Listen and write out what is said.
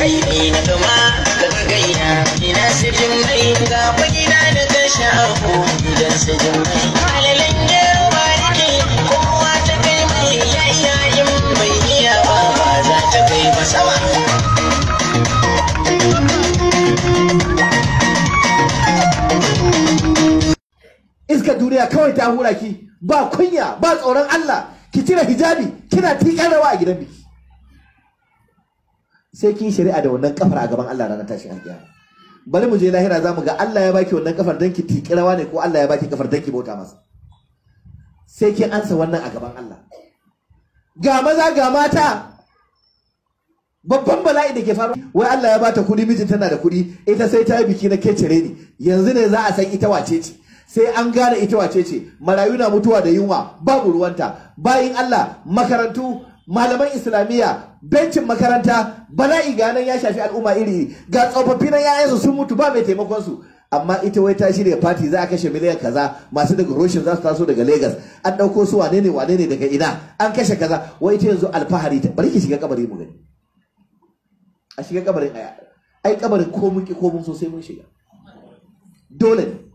kaifi na duma daga gayya ina sijin mai ga gida da ta ko gidan sijin mai halalan gero ba rike kowa ta kai mai ya iya in bai iya ba ba za ta kai ba sama iska duniya kawai ta hura ki ba kunya ba tsoron Allah ki cire hijabi kina tiƙar rawa a gidan biki sai kin shari'a da wannan kafar a gaban Allah ranar tashin alkiyama bari mu je lahira za mu ga Allah ya baki wannan kafar danki ki rawa ne ko Allah ya baki kafar danki bauta masa sai kin ansa wannan a gaban Allah ga maza ga mata babban bala'i da ke faru wai Allah ya bata kuɗi mijin tana da kuɗi ita sai ta biki na kecere ne yanzu ne za a san ita wace ce sai an gane ita wace ce marayu na mutuwa da yunwa babu ruwanta bayin Allah makarantu malaman islamiyya bencin makaranta bala'i nan ya shafi al'umma iri ga tsofaffi nan ya yayansu sun mutu ba mai taimakon su amma ita wai ta shirya fati za a kashe miliyan kaza masu daga roshin za su taso daga Legas an dauko su wane ne wane ne daga ina an kashe kaza wai ita yanzu alfahari ta bari ki shiga kabarin mu gani a shiga kabarin aya ai kabarin ko mun ki ko mun so sai mun shiga dole ne